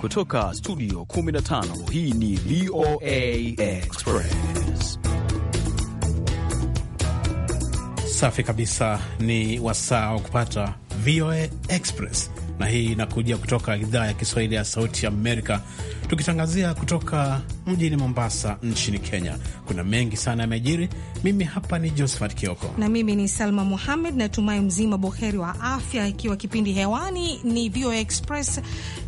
Kutoka studio 15 hii ni VOA Express. Safi kabisa, ni wasaa wa kupata VOA Express na hii inakuja kutoka idhaa ya Kiswahili ya Sauti ya Amerika, tukitangazia kutoka mjini Mombasa nchini Kenya. Kuna mengi sana yamejiri. Mimi hapa ni Josephat Kioko na mimi ni Salma Muhamed. Natumai mzima boheri wa afya, ikiwa kipindi hewani ni VOA Express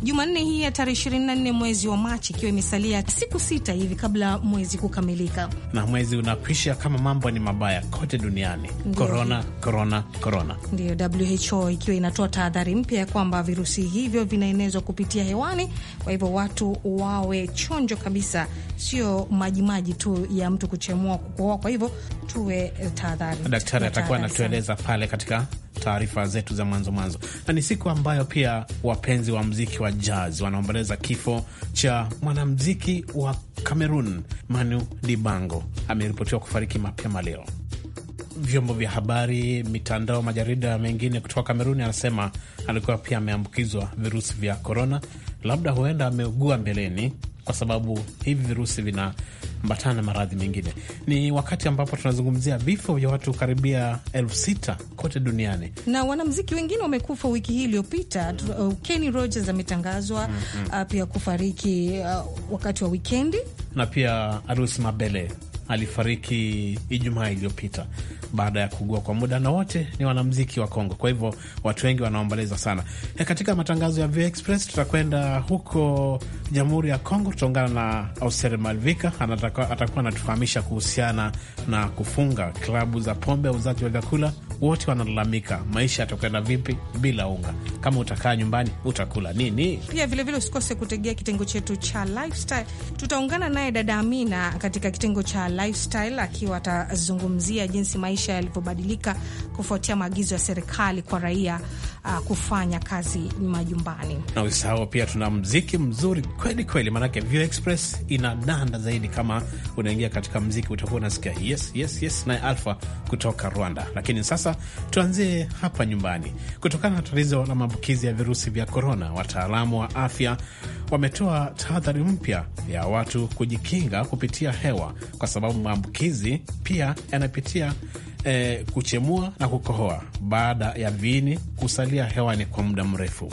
Jumanne hii ya tarehe 24 mwezi wa Machi, ikiwa imesalia siku sita hivi kabla mwezi kukamilika, na mwezi unakwisha kama mambo ni mabaya kote duniani. Korona, korona, korona, ndiyo WHO ikiwa inatoa tahadhari mpya ya kwamba virusi hivyo vinaenezwa kupitia hewani, kwa hivyo watu wawe chonjo kabisa sio majimaji tu ya mtu kuchemua kukohoa. Kwa hivyo tuwe eh, tahadhari. Daktari atakuwa anatueleza pale katika taarifa zetu za mwanzo mwanzo, na ni siku ambayo pia wapenzi wa mziki wa jazz wanaomboleza kifo cha mwanamziki wa Cameroon Manu Dibango, ameripotiwa kufariki mapema leo. Vyombo vya habari, mitandao, majarida mengine kutoka Kameruni anasema alikuwa pia ameambukizwa virusi vya korona, labda huenda ameugua mbeleni kwa sababu hivi virusi vinaambatana na maradhi mengine. Ni wakati ambapo tunazungumzia vifo vya watu karibia elfu sita kote duniani na wanamziki wengine wamekufa wiki hii iliyopita. Uh, Kenny Rogers ametangazwa mm -hmm. uh, pia kufariki uh, wakati wa wikendi na pia Arusi Mabele alifariki Ijumaa iliyopita baada ya kuugua kwa muda, na wote ni wanamziki wa Kongo. Kwa hivyo watu wengi wanaomboleza sana. E, katika matangazo ya VOA Express tutakwenda huko Jamhuri ya Kongo, tutaungana na Ausere Malvika, atakuwa anatufahamisha kuhusiana na kufunga klabu za pombe, uzaji wa vyakula wote wanalalamika maisha yatakwenda vipi bila unga? Kama utakaa nyumbani utakula nini? Pia vilevile usikose kutegea kitengo chetu cha lifestyle. Tutaungana naye dada Amina katika kitengo cha lifestyle, akiwa atazungumzia jinsi maisha yalivyobadilika kufuatia maagizo ya serikali kwa raia uh, kufanya kazi majumbani. Na usisahau pia tuna mziki mzuri kweli kweli, maanake Vio Express ina danda zaidi. Kama unaingia katika mziki utakuwa unasikia yes, yes, yes, naye Alfa kutoka Rwanda. Lakini sasa tuanzie hapa nyumbani. Kutokana na tatizo la maambukizi ya virusi vya korona, wataalamu wa afya wametoa tahadhari mpya ya watu kujikinga kupitia hewa, kwa sababu maambukizi pia yanapitia e, kuchemua na kukohoa baada ya viini kusalia hewani kwa muda mrefu.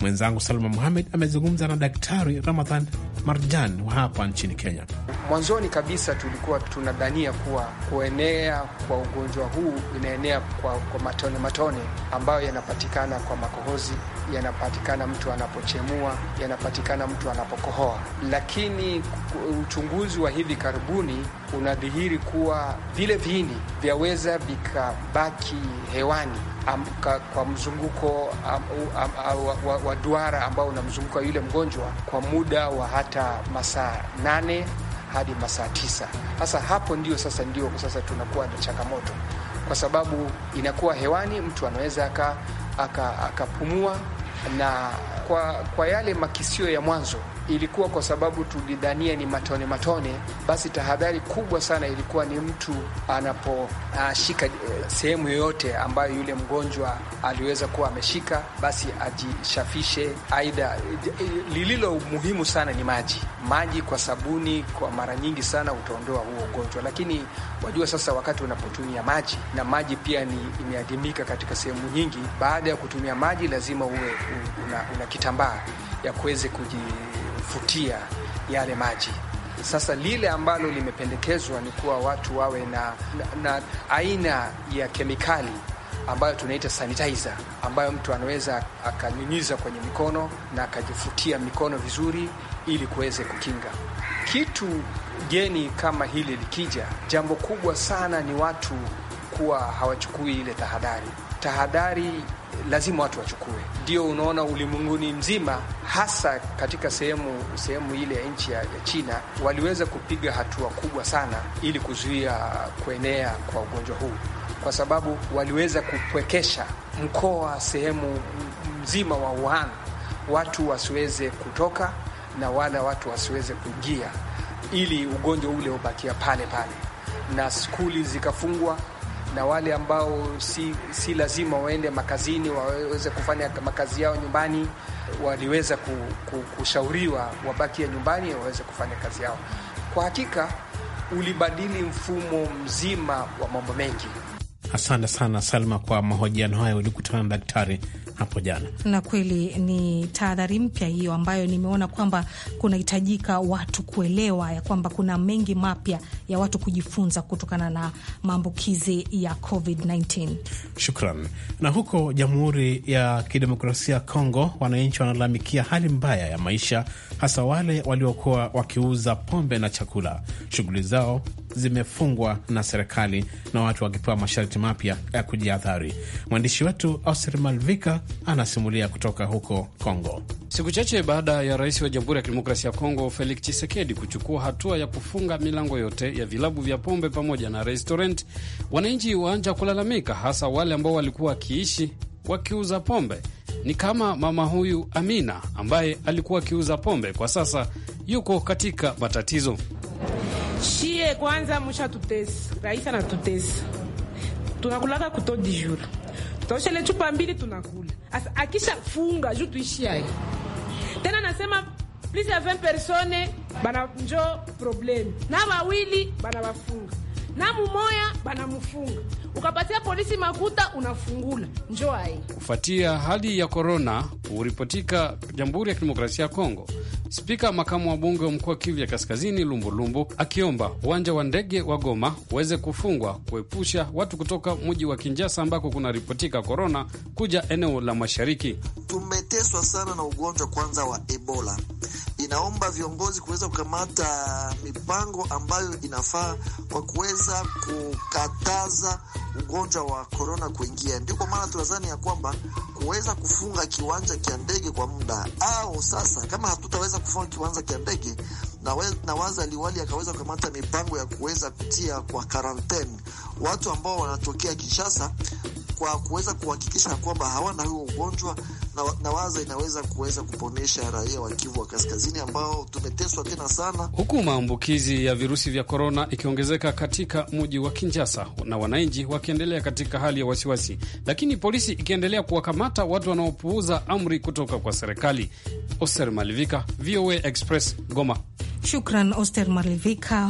Mwenzangu Salma Muhamed amezungumza na Daktari Ramadhan Marjan wa hapa nchini Kenya. Mwanzoni kabisa tulikuwa tunadhania kuwa kuenea kwa ugonjwa huu inaenea kwa, kwa matone matone ambayo yanapatikana kwa makohozi yanapatikana mtu anapochemua, yanapatikana mtu anapokohoa. Lakini uchunguzi wa hivi karibuni unadhihiri kuwa vile viini vyaweza vikabaki hewani Am, ka, kwa mzunguko am, am, am, wa, wa duara ambao unamzunguka yule mgonjwa kwa muda wa hata masaa nane hadi masaa tisa. Sasa hapo ndio sasa ndio sasa tunakuwa na changamoto, kwa sababu inakuwa hewani, mtu anaweza akapumua aka, aka na kwa, kwa yale makisio ya mwanzo ilikuwa kwa sababu tulidhania ni matone matone, basi tahadhari kubwa sana ilikuwa ni mtu anaposhika ah, eh, sehemu yoyote ambayo yule mgonjwa aliweza kuwa ameshika, basi ajishafishe. Aidha, lililo muhimu sana ni maji, maji kwa sabuni, kwa mara nyingi sana utaondoa huo ugonjwa. Lakini wajua sasa, wakati unapotumia maji na maji pia ni imeadimika katika sehemu nyingi, baada ya kutumia maji lazima uwe una, una kitambaa ya kuweze kuji kufutia yale maji. Sasa lile ambalo limependekezwa ni kuwa watu wawe na, na, na aina ya kemikali ambayo tunaita sanitizer ambayo mtu anaweza akanyunyiza kwenye mikono na akajifutia mikono vizuri ili kuweze kukinga kitu geni kama hili likija. Jambo kubwa sana ni watu kuwa hawachukui ile tahadhari. Tahadhari lazima watu wachukue. Ndio unaona ulimwenguni mzima, hasa katika sehemu sehemu ile ya nchi ya China, waliweza kupiga hatua kubwa sana ili kuzuia kuenea kwa ugonjwa huu, kwa sababu waliweza kupwekesha mkoa, sehemu mzima wa Wuhan, watu wasiweze kutoka na wala watu wasiweze kuingia, ili ugonjwa ule ubakia pale pale, na skuli zikafungwa na wale ambao si, si lazima waende makazini, waweze kufanya makazi yao nyumbani, waliweza kushauriwa wabaki ya nyumbani waweze kufanya kazi yao. Kwa hakika ulibadili mfumo mzima wa mambo mengi. Asante sana Salma kwa mahojiano hayo. Ulikutana na daktari hapo jana, na kweli ni tahadhari mpya hiyo ambayo nimeona kwamba kunahitajika watu kuelewa ya kwamba kuna mengi mapya ya watu kujifunza kutokana na maambukizi ya COVID-19. Shukran. Na huko Jamhuri ya Kidemokrasia ya Kongo, wananchi wanalalamikia hali mbaya ya maisha, hasa wale waliokuwa wakiuza pombe na chakula. Shughuli zao zimefungwa na serikali na watu wakipewa masharti mapya ya kujiadhari. Mwandishi wetu Ausir Malvika anasimulia kutoka huko Kongo. Siku chache baada ya rais wa Jamhuri ya Kidemokrasia ya Kongo Felix Tshisekedi kuchukua hatua ya kufunga milango yote ya vilabu vya pombe pamoja na restaurant, wananchi waanja kulalamika, hasa wale ambao walikuwa wakiishi wakiuza pombe. Ni kama mama huyu Amina ambaye alikuwa akiuza pombe, kwa sasa yuko katika matatizo. Shie kwanza musha tutesi, rais anatutesi, tunakulaka kuto dijuru, tutaoshele chupa mbili tunakula. Asa akisha funga juu tuishi yae. tena, nasema plus ya 20 persone bana njo na wawili bana wafunga namu moya banamufunga, ukapatia polisi makuta unafungula ai. Kufuatia hali ya korona kuripotika Jamhuri ya Kidemokrasia ya Kongo, Spika makamu wa bunge wa mkoa wa Kivu ya Kaskazini Lumbulumbu akiomba uwanja wa ndege wa Goma uweze kufungwa kuepusha watu kutoka mji wa Kinjasa ambako kunaripotika korona kuja eneo la mashariki. Tumeteswa sana na ugonjwa kwanza wa Ebola inaomba viongozi kuweza kukamata mipango ambayo inafaa kwa kuweza kukataza ugonjwa wa korona kuingia. Ndio kwa maana tunazani ya kwamba kuweza kufunga kiwanja kya ndege kwa muda au sasa, kama hatutaweza kufunga kiwanja kya ndege na, na waza liwali akaweza kukamata mipango ya kuweza kutia kwa karanteni watu ambao wanatokea Kinshasa kwa kuweza kuhakikisha kwamba hawana huo ugonjwa na, na waza inaweza kuweza kuponesha raia wa Kivu wa Kaskazini ambao tumeteswa tena sana, huku maambukizi ya virusi vya korona ikiongezeka katika mji wa Kinjasa na wananchi wakiendelea katika hali ya wasiwasi, lakini polisi ikiendelea kuwakamata watu wanaopuuza amri kutoka kwa serikali. Oser Malivika, VOA Express, Goma. Shukran Oster Malivika,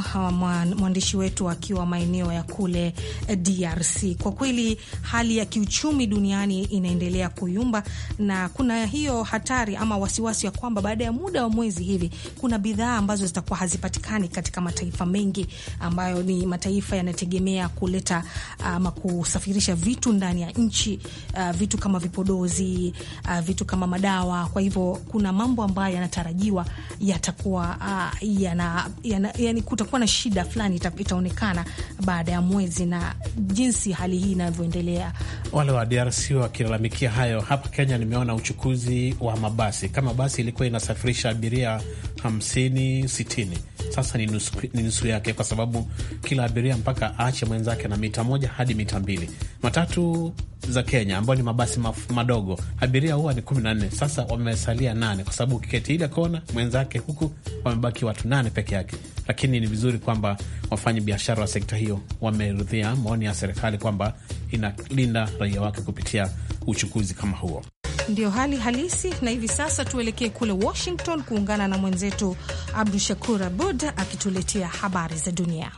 mwandishi wetu akiwa maeneo ya kule eh, DRC. Kwa kweli hali ya kiuchumi duniani inaendelea kuyumba na kuna hiyo hatari ama wasiwasi ya kwamba baada ya muda wa mwezi hivi kuna bidhaa ambazo zitakuwa hazipatikani katika mataifa mengi ambayo ni mataifa yanategemea kuleta ah, ama kusafirisha vitu ndani ya nchi, ah, vitu kama vipodozi, ah, vitu kama madawa. Kwa hivyo kuna mambo ambayo yanatarajiwa yatakuwa yana, yana, yani kutakuwa na shida fulani itaonekana baada ya mwezi na jinsi hali hii inavyoendelea. Wale wa DRC wakilalamikia hayo. Hapa Kenya nimeona uchukuzi wa mabasi, kama basi ilikuwa inasafirisha abiria 50 60 sasa ni nusu, ni nusu yake, kwa sababu kila abiria mpaka aache mwenzake na mita moja hadi mita mbili. Matatu za Kenya ambayo ni mabasi maf, madogo abiria huwa ni kumi na nne. Sasa wamesalia nane, kwa sababu ukiketi ile kona mwenzake huku, wamebaki watu nane peke yake. Lakini ni vizuri kwamba wafanya biashara wa sekta hiyo wameridhia maoni ya serikali kwamba inalinda raia wake kupitia uchukuzi kama huo ndio hali halisi, na hivi sasa tuelekee kule Washington kuungana na mwenzetu Abdu Shakur Abud akituletea habari za dunia.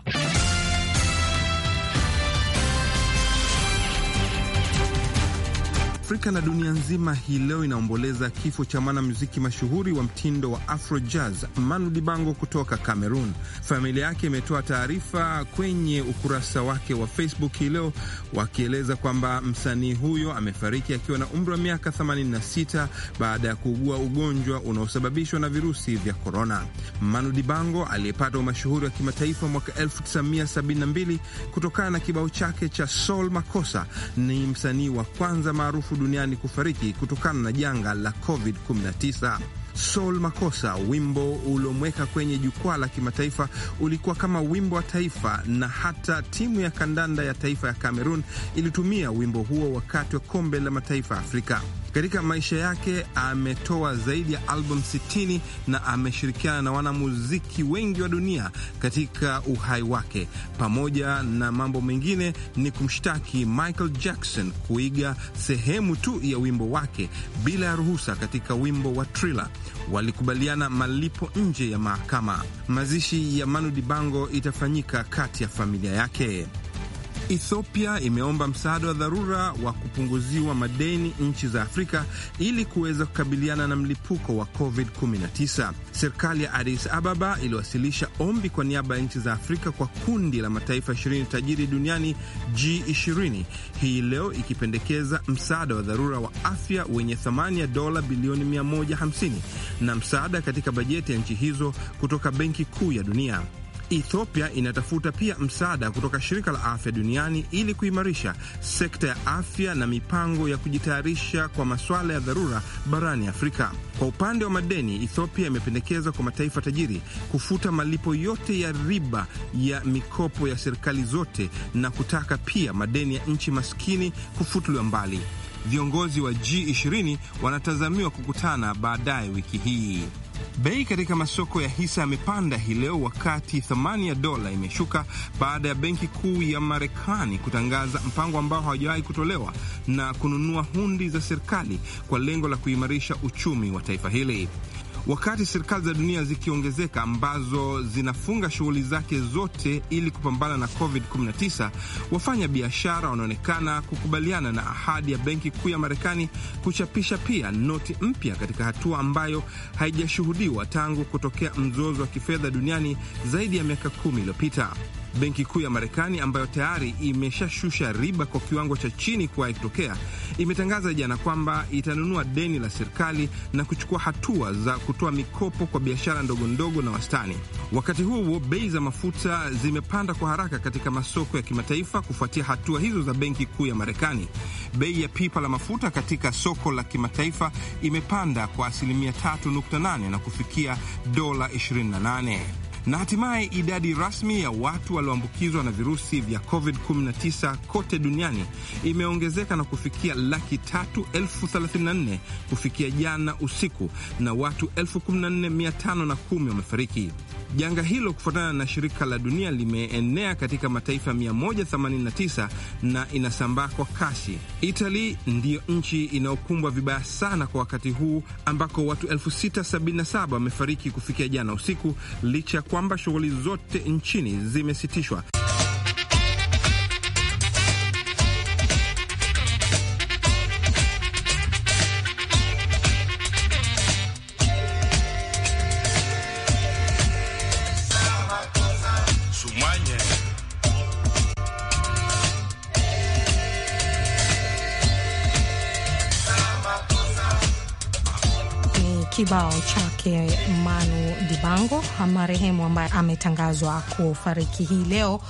Afrika na dunia nzima hii leo inaomboleza kifo cha mwanamuziki mashuhuri wa mtindo wa afro jazz Manu Dibango kutoka Cameroon. Familia yake imetoa taarifa kwenye ukurasa wake wa Facebook hii leo wakieleza kwamba msanii huyo amefariki akiwa na umri wa miaka 86 baada ya kuugua ugonjwa unaosababishwa na virusi vya korona. Manu Dibango aliyepata umashuhuri wa kimataifa mwaka 1972 kutokana na kibao chake cha Soul Makosa ni msanii wa kwanza maarufu watu duniani kufariki kutokana na janga la COVID-19. Sol Makosa, wimbo uliomweka kwenye jukwaa la kimataifa, ulikuwa kama wimbo wa taifa, na hata timu ya kandanda ya taifa ya Kamerun ilitumia wimbo huo wakati wa kombe la mataifa ya Afrika. Katika maisha yake ametoa zaidi ya albamu 60 na ameshirikiana na wanamuziki wengi wa dunia katika uhai wake. Pamoja na mambo mengine, ni kumshtaki Michael Jackson kuiga sehemu tu ya wimbo wake bila ya ruhusa katika wimbo wa Thriller. Walikubaliana malipo nje ya mahakama. Mazishi ya Manu Dibango itafanyika kati ya familia yake. Ethiopia imeomba msaada wa dharura wa kupunguziwa madeni nchi za Afrika ili kuweza kukabiliana na mlipuko wa COVID-19. Serikali ya Addis Ababa iliwasilisha ombi kwa niaba ya nchi za Afrika kwa kundi la mataifa 20 tajiri duniani G20 hii leo ikipendekeza msaada wa dharura wa afya wenye thamani ya dola bilioni 150 na msaada katika bajeti ya nchi hizo kutoka Benki Kuu ya Dunia. Ethiopia inatafuta pia msaada kutoka shirika la afya duniani ili kuimarisha sekta ya afya na mipango ya kujitayarisha kwa masuala ya dharura barani Afrika. Kwa upande wa madeni, Ethiopia imependekeza kwa mataifa tajiri kufuta malipo yote ya riba ya mikopo ya serikali zote na kutaka pia madeni ya nchi maskini kufutuliwa mbali viongozi wa G20 wanatazamiwa kukutana baadaye wiki hii. Bei katika masoko ya hisa yamepanda hii leo wakati thamani ya dola imeshuka baada ya benki kuu ya Marekani kutangaza mpango ambao hawajawahi kutolewa na kununua hundi za serikali kwa lengo la kuimarisha uchumi wa taifa hili wakati serikali za dunia zikiongezeka ambazo zinafunga shughuli zake zote ili kupambana na COVID-19, wafanya biashara wanaonekana kukubaliana na ahadi ya benki kuu ya Marekani kuchapisha pia noti mpya katika hatua ambayo haijashuhudiwa tangu kutokea mzozo wa kifedha duniani zaidi ya miaka kumi iliyopita benki kuu ya Marekani ambayo tayari imeshashusha riba kwa kiwango cha chini kuwahi kutokea, imetangaza jana kwamba itanunua deni la serikali na kuchukua hatua za kutoa mikopo kwa biashara ndogo ndogo na wastani. Wakati huo huo, bei za mafuta zimepanda kwa haraka katika masoko ya kimataifa kufuatia hatua hizo za benki kuu ya Marekani. Bei ya pipa la mafuta katika soko la kimataifa imepanda kwa asilimia 3.8 na kufikia dola 28. Na hatimaye idadi rasmi ya watu walioambukizwa na virusi vya COVID-19 kote duniani imeongezeka na kufikia laki tatu elfu thelathini na nne kufikia jana usiku, na watu elfu kumi na nne mia tano na kumi wamefariki. Janga hilo kufuatana na shirika la dunia limeenea katika mataifa 189 na inasambaa kwa kasi. Itali ndiyo nchi inayokumbwa vibaya sana kwa wakati huu, ambako watu 677 wamefariki kufikia jana usiku licha ya kwamba shughuli zote nchini zimesitishwa. kibao chake Manu Dibango marehemu ambaye ametangazwa kufariki hii leo.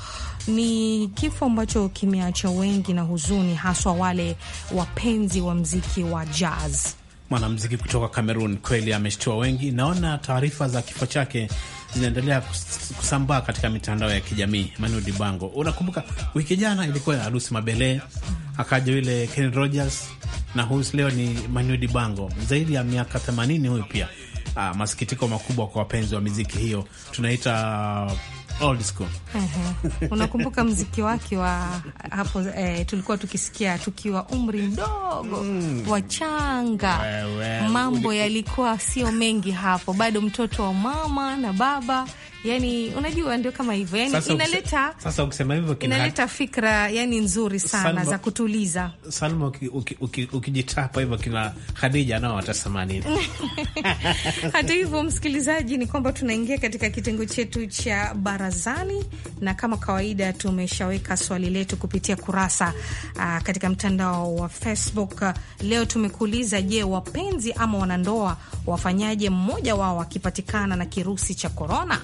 Ni kifo ambacho kimeacha wengi na huzuni, haswa wale wapenzi wa mziki wa jazz mwanamziki kutoka Cameroon kweli ameshtua wengi. Naona taarifa za kifo chake zinaendelea kusambaa katika mitandao ya kijamii. Emmanuel Dibango, unakumbuka wiki jana ilikuwa harusi Mabele, akaja yule Ken Rogers na huyu leo ni Emmanuel Dibango, zaidi ya miaka 80 huyu pia. Ah, masikitiko makubwa kwa wapenzi wa miziki hiyo tunaita Old school. Unakumbuka mziki wake wa hapo eh, tulikuwa tukisikia tukiwa umri mdogo mm, wachanga. Mambo yalikuwa sio mengi hapo, bado mtoto wa mama na baba yani unajua ndio kama hivyo yani, sasa inaleta ukse, sasa ukisema hivyo kinaleta fikra yani nzuri sana Salma, za kutuliza Salma, ukijitapa hivyo kina Khadija nao watasema nini? Hata hivyo, msikilizaji, ni kwamba tunaingia katika kitengo chetu cha barazani, na kama kawaida tumeshaweka swali letu kupitia kurasa uh, katika mtandao wa Facebook. Leo tumekuuliza, je, wapenzi ama wanandoa wafanyaje mmoja wao akipatikana na kirusi cha korona?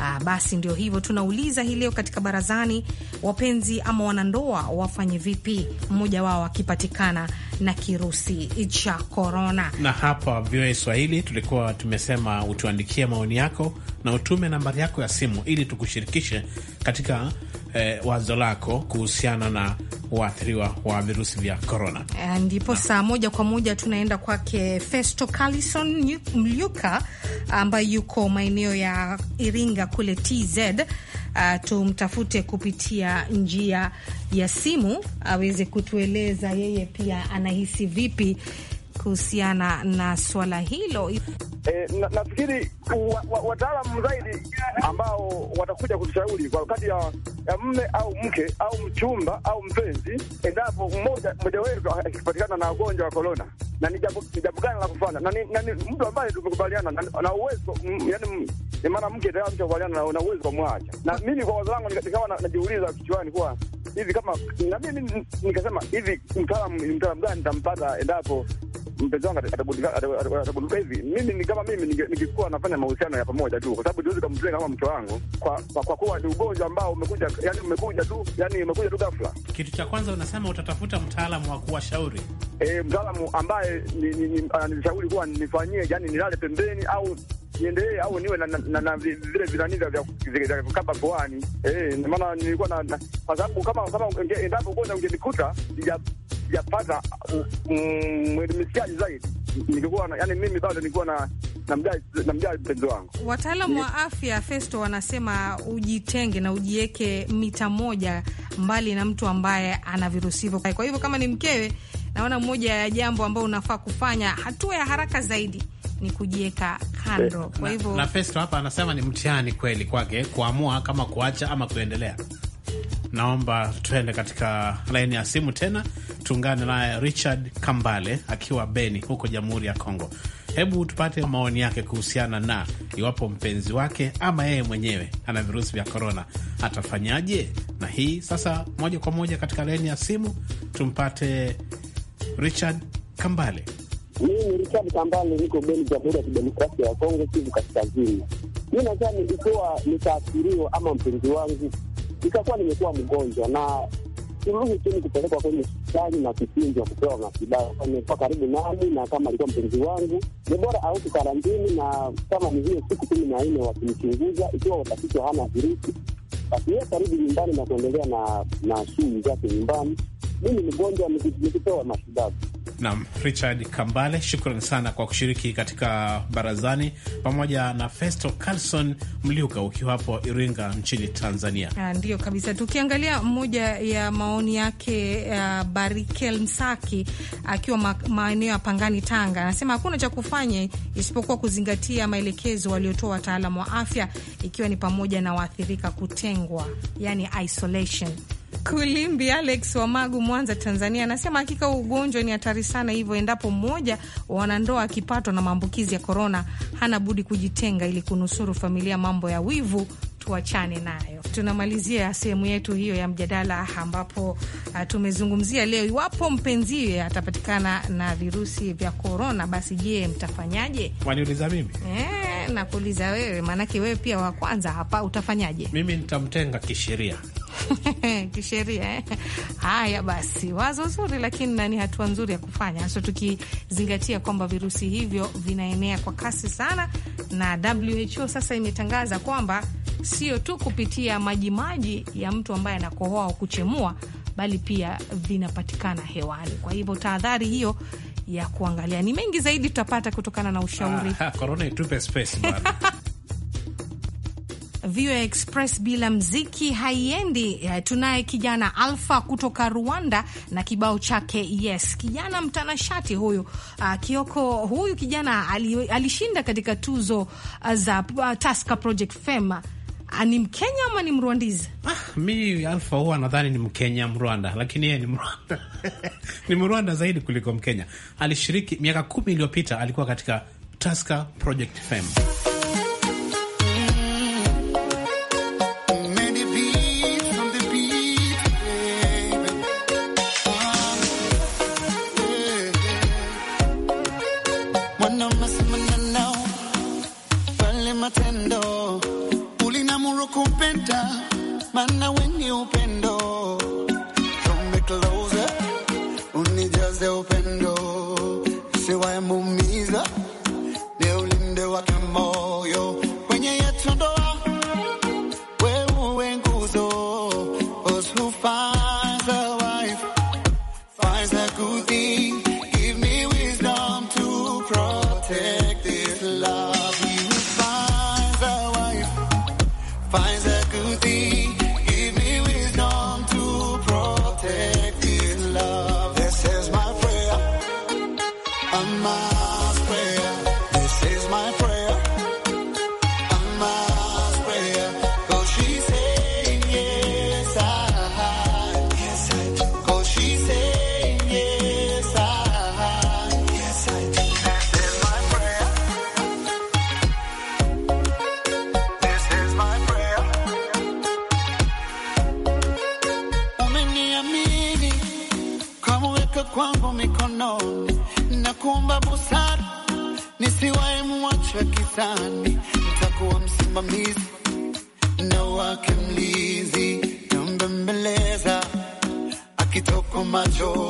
Ah, basi ndio hivyo, tunauliza hii leo katika barazani, wapenzi ama wanandoa wafanye vipi mmoja wao akipatikana na kirusi cha korona? Na hapa VOA Swahili tulikuwa tumesema utuandikie maoni yako na utume nambari yako ya simu ili tukushirikishe katika eh, wazo lako kuhusiana na waathiriwa wa virusi vya korona. Eh, ndipo saa moja kwa moja tunaenda kwake Festo Kalison Mlyuka ambaye yuko maeneo ya Iringa kule TZ. Uh, ah, tumtafute kupitia njia ya simu aweze kutueleza yeye pia anahisi vipi kuhusiana na swala hilo? E, nafikiri na wataalamu wa, zaidi ambao watakuja kushauri kwa wakati ya, ya mme au mke au mchumba au mpenzi, endapo mmoja wetu akipatikana na ugonjwa wa korona, na ni jambo gani la kufanya, na ni mtu ambaye tumekubaliana na uwezo yani, ni maana mke tayari mtu akubaliana na uwezo mwacha. na mimi kwa wazo wangu nikawa najiuliza kichwani kuwa hivi kama na mimi nikasema hivi, mtaalamu ni mtaalamu gani nitampata endapo mpenzi wangu atagunduka hivi? Mimi ni kama mimi nikikuwa nafanya mahusiano ya pamoja tu, kwa sababu siwezi kumtenga kama mke wangu, kwa kwa kuwa ni ugonjwa ambao umekuja, yani umekuja tu, yani umekuja tu ghafla. Kitu cha kwanza unasema utatafuta mtaalamu wa kuwashauri eh, mtaalamu ambaye ananishauri kuwa nifanyie, yani nilale pembeni au niendelee au niwe na, vile vilani vya kukaba koani eh, maana nilikuwa na, kwa sababu kama kama endapo kwenda ungenikuta sijapata mm, mm, mwelimiskiaji zaidi, nilikuwa yani mimi bado nilikuwa na namjaa mpenzi wangu. Wataalamu wa afya Festo wanasema ujitenge na ujiweke mita moja mbali na mtu ambaye ana virusi hivyo. Kwa hivyo kama ni mkewe, naona moja ya jambo ambayo unafaa kufanya hatua ya haraka zaidi ni kujiweka kando. Eh, kwa hivyo na Festo hapa anasema ni mtihani kweli kwake kuamua kama kuacha ama kuendelea. Naomba tuende katika laini ya simu tena, tuungane naye Richard Kambale akiwa Beni huko Jamhuri ya Kongo. Hebu tupate maoni yake kuhusiana na iwapo mpenzi wake ama yeye mwenyewe ana virusi vya korona atafanyaje. Na hii sasa, moja kwa moja katika laini ya simu tumpate Richard Kambale. Mimi Richard Kambale, niko Beni, Jamhuri ya Kidemokrasia ya Kongo, Kivu Kaskazini. Mi nadhani ikiwa nitaathiriwa ama mpenzi wangu nikakuwa nimekuwa mgonjwa na suluhu tu ni kupelekwa kwenye hospitali na kuchinjwa, kupewa matibabu. Amekuwa karibu nami, na kama alikuwa mpenzi wangu ni bora autu karantini, na kama ni hiyo siku kumi na nne wakimchunguza, ikiwa watakitwa hana virusi, basi yeye karudi nyumbani na kuendelea na na shughuli zake nyumbani. Mimi mgonjwa nikipewa matibabu na Richard Kambale, shukran sana kwa kushiriki katika barazani, pamoja na Festo Carlson Mliuka ukiwa hapo Iringa nchini Tanzania. Ah, Ndiyo kabisa, tukiangalia moja ya maoni yake uh, Barikel Msaki akiwa maeneo ya Pangani, Tanga, anasema hakuna cha kufanya isipokuwa kuzingatia maelekezo waliotoa wataalamu wa afya, ikiwa ni pamoja na waathirika kutengwa, yani isolation Kulimbi Alex Wamagu, Mwanza, Tanzania, anasema hakika ugonjwa ni hatari sana, hivyo endapo mmoja wa wanandoa akipatwa na maambukizi ya korona, hana budi kujitenga ili kunusuru familia. Mambo ya wivu tuachane nayo. Tunamalizia sehemu yetu hiyo ya mjadala, ambapo uh, tumezungumzia leo, iwapo mpenziwe atapatikana na virusi vya korona, basi je, mtafanyaje? Waniuliza mimi e, nakuuliza wewe, maanake wewe pia wa kwanza hapa, utafanyaje? Mimi nitamtenga kisheria kisheria eh? Haya basi, wazo zuri, lakini nani hatua nzuri ya kufanya, hasa tukizingatia kwamba virusi hivyo vinaenea kwa kasi sana, na WHO sasa imetangaza kwamba sio tu kupitia majimaji ya mtu ambaye anakohoa au kuchemua, bali pia vinapatikana hewani. Kwa hivyo tahadhari hiyo ya kuangalia ni mengi zaidi tutapata kutokana na ushauri. Korona ah, itupe space bwana. VOA Express bila mziki haiendi. Eh, tunaye kijana Alfa kutoka Rwanda na kibao chake Yes. Kijana mtanashati huyu ah, Kioko, huyu kijana alishinda katika tuzo ah, za ah, Taska Project Fema. Ni Mkenya ama ni Mrwandizi? Ah, mi Alfa huwa nadhani ni Mkenya Mrwanda, lakini yeye ni Mrwanda ni Mrwanda zaidi kuliko Mkenya. Alishiriki miaka kumi iliyopita, alikuwa katika Taska Project Fema. mayor.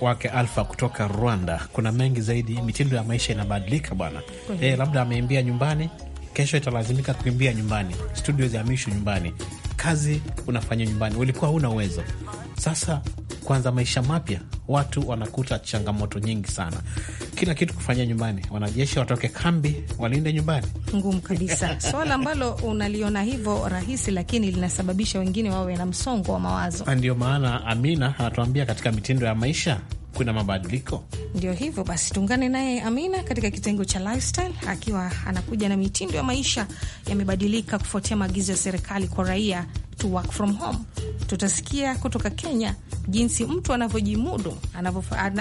wake Alfa kutoka Rwanda. Kuna mengi zaidi, mitindo ya maisha inabadilika bwana. E, labda ameimbia nyumbani, kesho italazimika kuimbia nyumbani, studio zihamishwe nyumbani, kazi unafanya nyumbani, ulikuwa huna uwezo sasa kuanza maisha mapya, watu wanakuta changamoto nyingi sana, kila kitu kufanyia nyumbani. Wanajeshi watoke kambi, walinde nyumbani, ngumu kabisa swala ambalo unaliona hivyo rahisi, lakini linasababisha wengine wawe na msongo wa mawazo. Ndio maana Amina anatuambia katika mitindo ya maisha kuna mabadiliko. Ndio hivyo basi, tuungane naye Amina katika kitengo cha lifestyle, akiwa anakuja na mitindo ya maisha yamebadilika kufuatia maagizo ya serikali kwa raia to work from home. Tutasikia kutoka Kenya jinsi mtu anavyojimudu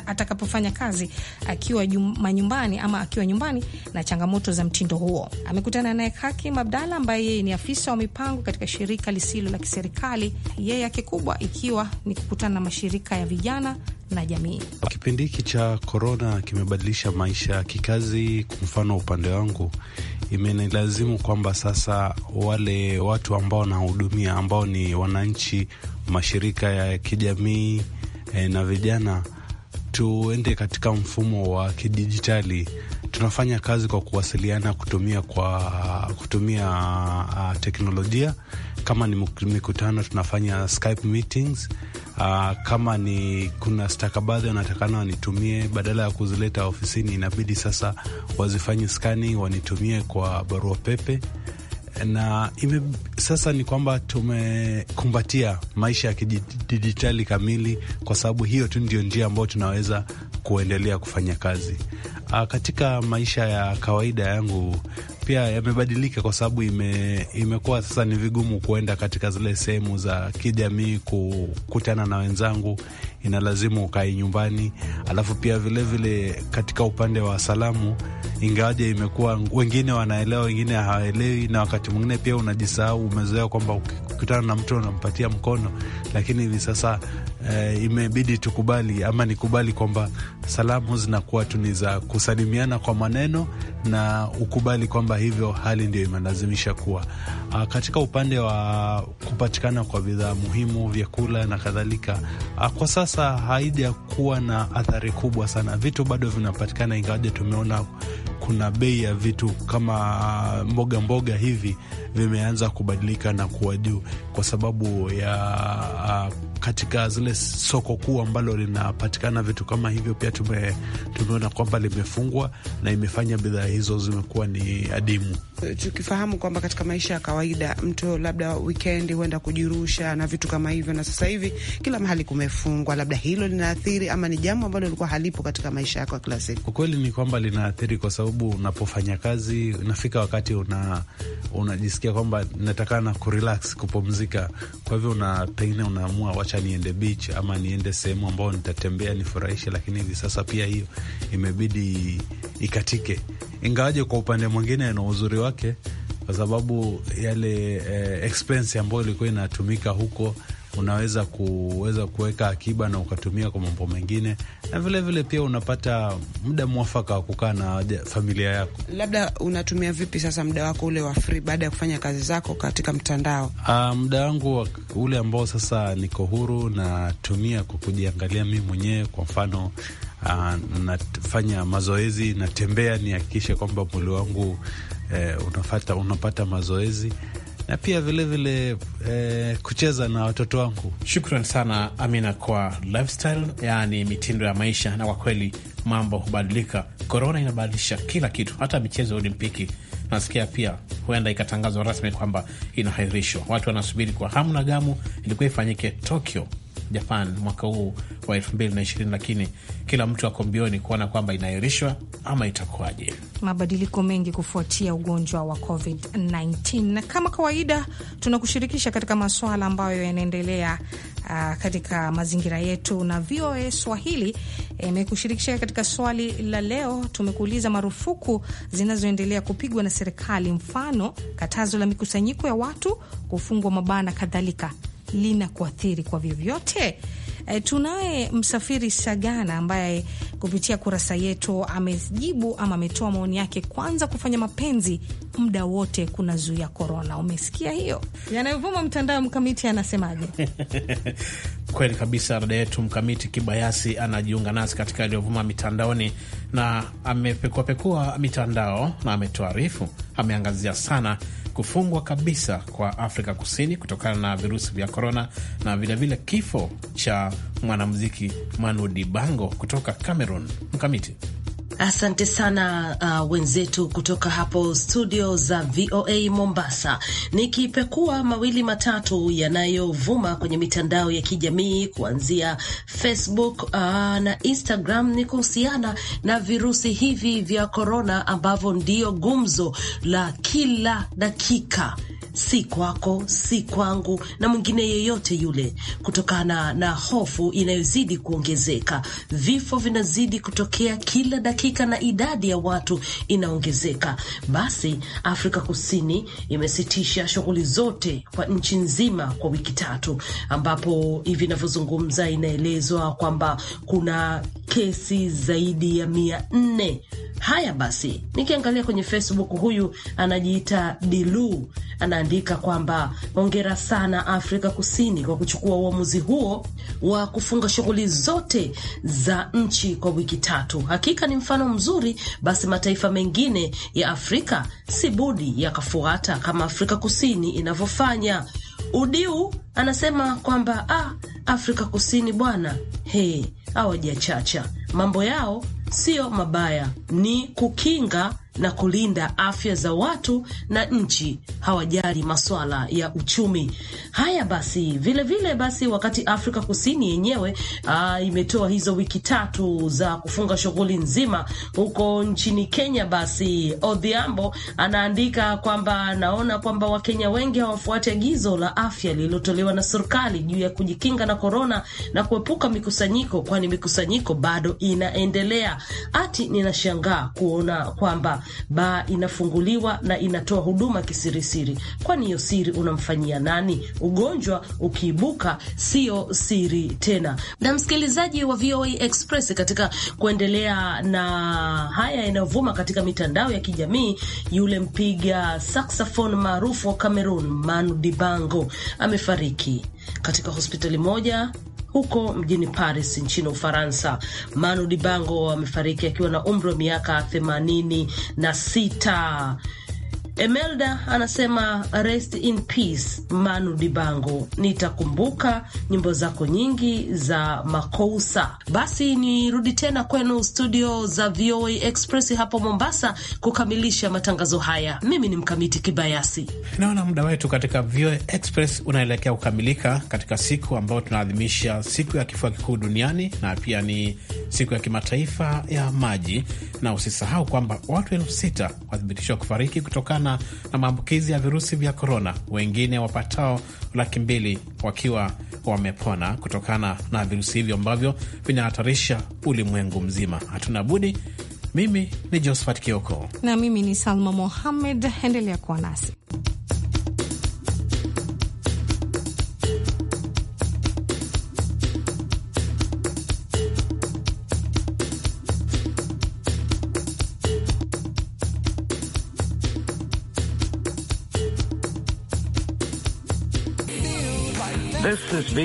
atakapofanya kazi akiwa manyumbani ama akiwa nyumbani na changamoto za mtindo huo. Amekutana naye Hakim Abdalla ambaye yeye ni afisa wa mipango katika shirika lisilo la kiserikali, yeye yake kubwa ikiwa ni kukutana na mashirika ya vijana na jamii. Kipindi hiki cha korona kimebadilisha maisha ya kikazi. Kwa mfano upande wangu imenilazimu kwamba sasa wale watu ambao wanahudumia ambao ni wananchi, mashirika ya kijamii e, na vijana, tuende katika mfumo wa kidijitali. Tunafanya kazi kwa kuwasiliana kutumia kwa kutumia uh, teknolojia. Kama ni mikutano tunafanya Skype meetings Aa, ah, kama ni kuna stakabadhi wanatakana wanitumie, badala ya kuzileta ofisini, inabidi sasa wazifanye skani wanitumie kwa barua pepe na ime, sasa ni kwamba tumekumbatia maisha ya kidijitali kamili, kwa sababu hiyo tu ndio njia ambayo tunaweza kuendelea kufanya kazi. Aa, ah, katika maisha ya kawaida yangu pia yamebadilika kwa sababu ime, imekuwa sasa ni vigumu kuenda katika zile sehemu za kijamii kukutana na wenzangu, inalazimu ukae nyumbani. Alafu pia vilevile vile katika upande wa salamu, ingawaje imekuwa wengine wanaelewa, wengine hawaelewi, na wakati mwingine pia unajisahau, umezoea kwamba ukikutana na mtu unampatia mkono, lakini hivi sasa eh, imebidi tukubali ama nikubali kwamba salamu zinakuwa tu ni za kusalimiana kwa maneno na ukubali kwamba hivyo hali ndio imelazimisha kuwa uh, katika upande wa kupatikana kwa bidhaa muhimu, vyakula na kadhalika, ah, kwa sasa haija kuwa na athari kubwa sana. Vitu bado vinapatikana, ingawaje tumeona kuna bei ya vitu kama ah, mboga mboga hivi vimeanza kubadilika na kuwa juu kwa sababu ya katika zile soko kuu ambalo linapatikana vitu kama hivyo, pia tume, tumeona kwamba limefungwa na imefanya bidhaa hizo zimekuwa ni adimu, eh, tukifahamu kwamba katika maisha ya kawaida mtu labda wikendi huenda kujirusha na vitu kama hivyo, na sasa hivi kila mahali kumefungwa, labda hilo linaathiri ama ni jambo ambalo lilikuwa halipo katika maisha yako ya kila siku. Ukweli ni kwamba linaathiri, kwa sababu unapofanya kazi inafika wakati una unajisikia kwamba natakana kurelax, kupumzika. Kwa hivyo una pengine unaamua wacha niende beach ama niende sehemu ambayo nitatembea nifurahishe, lakini hivi sasa pia hiyo imebidi ikatike, ingawaje kwa upande mwingine na uzuri wake, kwa sababu yale eh, expense ambayo ilikuwa inatumika huko unaweza kuweza kuweka akiba na ukatumia kwa mambo mengine, na vilevile vile pia unapata muda mwafaka wa kukaa na familia yako. Labda unatumia vipi sasa muda wako ule wa free baada ya kufanya kazi zako katika mtandao? Uh, muda wangu ule ambao sasa niko huru natumia kwa kujiangalia mimi mwenyewe, kwa mfano Uh, nafanya mazoezi, natembea nihakikishe kwamba mwili wangu eh, unafata, unapata mazoezi na pia vilevile vile, e, kucheza na watoto wangu. Shukran sana Amina kwa lifestyle, yaani mitindo ya maisha, na kwa kweli mambo hubadilika. Korona inabadilisha kila kitu, hata michezo ya Olimpiki nasikia pia huenda ikatangazwa rasmi kwamba inahairishwa. Watu wanasubiri kwa hamu na gamu, ilikuwa ifanyike Tokyo Japan mwaka huu wa 22 lakini kila mtu ako mbioni kuona kwamba inahairishwa ama itakuwaje? Mabadiliko mengi kufuatia ugonjwa wa COVID-19, na kama kawaida tunakushirikisha katika masuala ambayo yanaendelea uh, katika mazingira yetu, na VOA Swahili eh, imekushirikisha eh, katika swali la leo. Tumekuuliza marufuku zinazoendelea kupigwa na serikali, mfano katazo la mikusanyiko ya watu, kufungwa mabana kadhalika, lina kuathiri kwa vyovyote E, tunaye Msafiri Sagana ambaye kupitia kurasa yetu amejibu ama ametoa maoni yake. Kwanza, kufanya mapenzi muda wote kuna ya korona. Umesikia hiyo yanayovuma mtandao? Mkamiti anasemaje? Kweli kabisa, dada yetu Mkamiti Kibayasi anajiunga nasi katika yaliyovuma mitandaoni na amepekuapekua mitandao na ametuarifu, ameangazia sana kufungwa kabisa kwa Afrika Kusini kutokana na virusi vya korona na vilevile kifo cha mwanamuziki Manu Dibango kutoka Cameroon. Mkamiti Asante sana uh, wenzetu kutoka hapo studio za VOA Mombasa. Nikipekua mawili matatu yanayovuma kwenye mitandao ya kijamii kuanzia Facebook uh, na Instagram ni kuhusiana na virusi hivi vya korona ambavyo ndio gumzo la kila dakika si kwako, si kwangu na mwingine yeyote yule, kutokana na hofu inayozidi kuongezeka. Vifo vinazidi kutokea kila dakika na idadi ya watu inaongezeka. Basi Afrika Kusini imesitisha shughuli zote kwa nchi nzima kwa wiki tatu, ambapo hivi inavyozungumza inaelezwa kwamba kuna kesi zaidi ya mia nne Haya basi, nikiangalia kwenye Facebook, huyu anajiita Dilu anaandika kwamba hongera sana Afrika Kusini kwa kuchukua uamuzi huo wa kufunga shughuli zote za nchi kwa wiki tatu. Hakika ni mfano mzuri, basi mataifa mengine ya Afrika si budi yakafuata kama Afrika Kusini inavyofanya. Udiu anasema kwamba ah, Afrika Kusini bwana, he hawajachacha mambo yao sio mabaya, ni kukinga na kulinda afya za watu na nchi, hawajali maswala ya uchumi. Haya basi, vilevile vile basi, wakati Afrika Kusini yenyewe ah, imetoa hizo wiki tatu za kufunga shughuli nzima huko nchini Kenya, basi Odhiambo anaandika kwamba anaona kwamba Wakenya wengi hawafuati agizo la afya lililotolewa na serikali juu ya kujikinga na korona na kuepuka mikusanyiko, kwani mikusanyiko bado inaendelea. Ati ninashangaa kuona kwamba baa inafunguliwa na inatoa huduma kisirisiri. Kwani hiyo siri unamfanyia nani? Ugonjwa ukiibuka sio siri tena. Na msikilizaji wa VOA Express, katika kuendelea na haya yanayovuma katika mitandao ya kijamii, yule mpiga saxophone maarufu wa Cameroon Manu Dibango amefariki katika hospitali moja huko mjini Paris nchini Ufaransa. Manu Dibango amefariki akiwa na umri wa miaka themanini na sita. Emelda anasema rest in peace Manu Dibango, nitakumbuka nyimbo zako nyingi za Makousa. Basi nirudi tena kwenu studio za VOA Express hapo Mombasa kukamilisha matangazo haya. Mimi ni Mkamiti Kibayasi. Naona muda wetu katika VOA Express unaelekea kukamilika katika siku ambayo tunaadhimisha siku ya kifua kikuu duniani na pia ni siku ya kimataifa ya maji, na usisahau kwamba watu elfu sita wathibitishwa kufariki kutokana kutokana na maambukizi ya virusi vya korona, wengine wapatao laki mbili wakiwa wamepona kutokana na virusi hivyo ambavyo vinahatarisha ulimwengu mzima. Hatuna budi. Mimi ni Josphat Kioko na mimi ni Salma Mohamed, Endelea kuwa nasi. Mrs. V